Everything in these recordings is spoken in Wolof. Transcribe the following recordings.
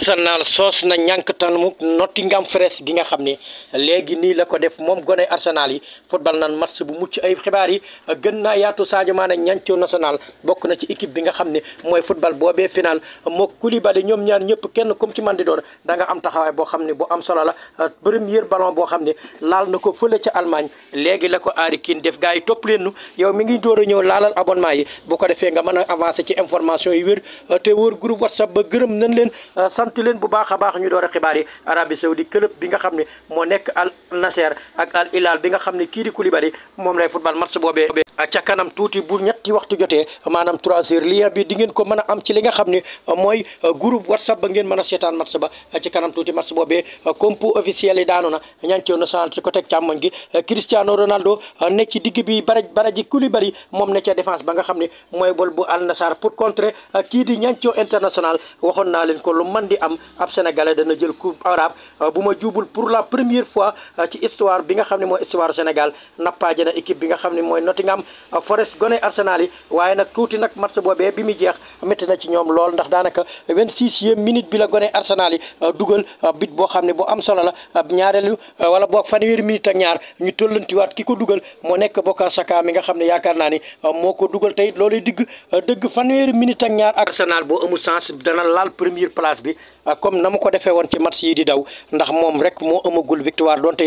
Arsenal soos na ñànktanmu Nottingham Forest gi nga xam ne léegi nii la ko def moom gone Arsenal yi football nan match bu mucc ay xibaar yi gën naa yaatu Sadio Mané ñancoo national bokk na ci équipe bi nga xam ne mooy football boobee final moo Koulibaly ñoom ñaar ñëpp kenn comme ci man di doon da nga am taxawaay boo xam ne boo am solo la premier ballon boo xam ne laal na ko fële ca Allemagne léegi la ko Harry Kane def gars yi topp leen nu yow mi ngi door a ñëw laalal abonnement yi bu ko defee a avancer ci information yi sant leen bu baax a baax ñu door a xibaar yi Arabie Saoudi bi nga xam ne moo nekk al Nasser ak Al Hilal bi xam ne kii di Koulibaly moom lay football match boobee ca kanam tuuti bu ñetti waxtu jotee maanaam trois heures lien bi di ngeen ko mën am ci li nga xam ne mooy groupe whatsapp ba ngeen mën seetaan match ba ci kanam tuuti match boobee compo officiel yi daanu na ñancew na centre ci côté càmmoñ Ronaldo ne ci digg bi baraj moom ne ca ba nga xam ne mooy bol bu Al Nassr pour contrer kii di ñancew international ko man am ab sénégalais dana jël coupe arabe bu ma fois Euh, ci histoire bi nga xam ne mooy histoire Sénégal nappaaje na équipe bi nga xam ne mooy Nottingham euh, Forest gone Arsenal waaye nag tuuti nag match boobee bi mu jeex métti ci ñoom lool ndax daanaka la gone Arsenal yi euh, dugal bit boo xam ne bu am solo la ñaareelu wala boog fanweeri minute ak ñaar ñu tollantiwaat ki ko dugal moo nekk Bukayo Saka mi nga xam ne yaakaar naa ni moo ko dugal tey loolay digg dëgg fanweeri minute ak ñaar Arsenal boo amul sens dana laal première place bi comme na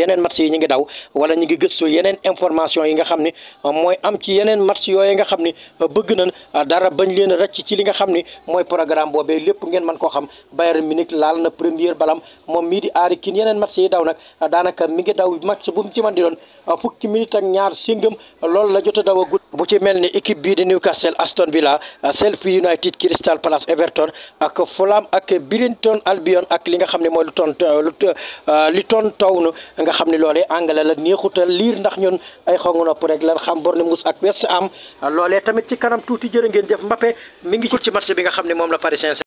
yeneen match yi ñu ngi daw wala ñu ngi gëstu yeneen information yi nga xam ni euh, mooy am ci yeneen match yooy nga xam ni euh, bëgg nañ euh, dara bañ leen rëcc ci li nga xam ni mooy programme boobee lépp ngeen mën koo xam Bayern Munich laal na première balam moom mii di Harry Kane yeneen match yi daw nag daanaka mi ngi daw match bu mu ci mën di doon fukki minute ak ñaar singam loolu la jot a daw a gudd bu ci mel ni équipe bii di Newcastle Aston Villa Sheffield United Crystal Palace Everton ak Fulham ak Brighton Albion ak li nga xam ne mooy Luton Luton Town nga xam ne loolee anglais la neexutal liir ndax ñun ay xongu nopp rek lan xam Bournemouth ak West a loolee tamit ci kanam tuuti jërë ngeen jëf Mbappé mi ngi ci match bi nga xam ne moom la Paris Saint